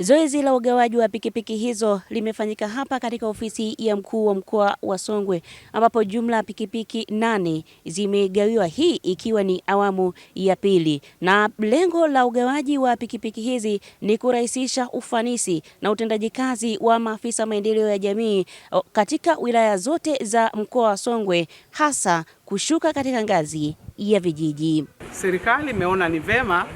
Zoezi la ugawaji wa pikipiki hizo limefanyika hapa katika ofisi ya mkuu wa mkoa wa Songwe ambapo jumla ya pikipiki nane zimegawiwa, hii ikiwa ni awamu ya pili, na lengo la ugawaji wa pikipiki hizi ni kurahisisha ufanisi na utendaji kazi wa maafisa maendeleo ya jamii katika wilaya zote za mkoa wa Songwe, hasa kushuka katika ngazi ya vijiji. Serikali imeona ni vema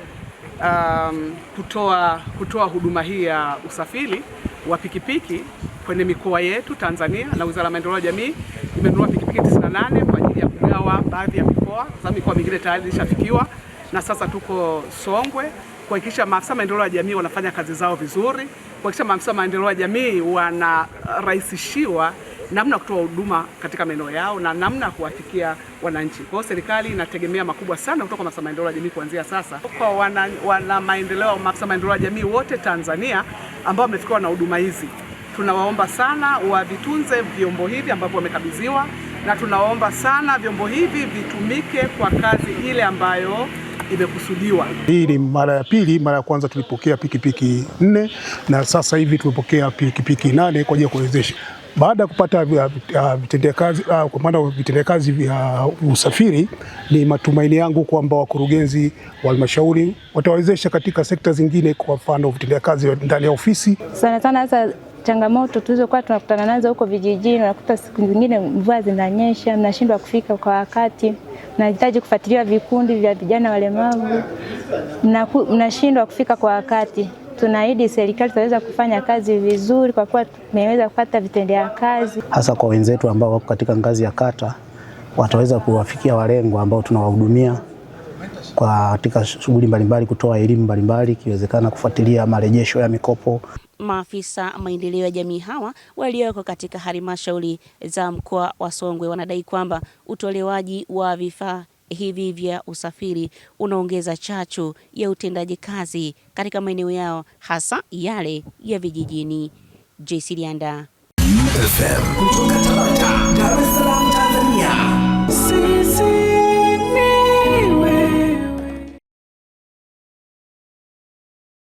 um, kutoa, kutoa huduma hii ya usafiri wa pikipiki kwenye mikoa yetu Tanzania, na Wizara ya Maendeleo ya Jamii imenunua pikipiki 98 kwa ajili ya kugawa baadhi ya mikoa, sababu mikoa mingine tayari ilishafikiwa, na sasa tuko Songwe kuhakikisha maafisa maendeleo ya jamii wanafanya kazi zao vizuri, kuhakikisha maafisa maendeleo ya jamii wanarahisishiwa namna kutoa huduma katika maeneo yao na namna ya kuwafikia wananchi. Kwa hiyo serikali inategemea makubwa sana kutoka maafisa maendeleo ya jamii kuanzia sasa, kwa wana, wana maendeleo maafisa maendeleo ya jamii wote Tanzania ambao wamefikiwa na huduma hizi, tunawaomba sana wavitunze vyombo hivi ambavyo wamekabidhiwa, na tunawaomba sana vyombo hivi vitumike kwa kazi ile ambayo imekusudiwa. Hii ni mara ya pili. Mara ya kwanza tulipokea pikipiki nne na sasa hivi tumepokea pikipiki nane kwa ajili ya kuwezesha baada ya kupata kazi ah, kwa maana kazi vya usafiri, ni matumaini yangu kwamba wakurugenzi wa halmashauri watawezesha katika sekta zingine, kwa mfano vitendea kazi ndani ya ofisi sana sana. Hasa changamoto tulizokuwa tunakutana nazo huko vijijini, unakuta siku zingine mvua zinanyesha, mnashindwa kufika kwa wakati, mnahitaji kufuatilia vikundi vya vijana walemavu, mnashindwa kufika kwa wakati tunaahidi serikali tutaweza kufanya kazi vizuri kwa kuwa tumeweza kupata vitendea kazi, hasa kwa wenzetu ambao wako katika ngazi ya kata, wataweza kuwafikia walengwa ambao tunawahudumia kwa katika shughuli mbalimbali, kutoa elimu mbalimbali, ikiwezekana kufuatilia marejesho ya mikopo. Maafisa maendeleo ya jamii hawa walioko katika halmashauri za mkoa wa Songwe wanadai kwamba utolewaji wa vifaa hivi vya usafiri unaongeza chachu ya utendaji kazi katika maeneo yao hasa yale ya vijijini. Jesilianda FM.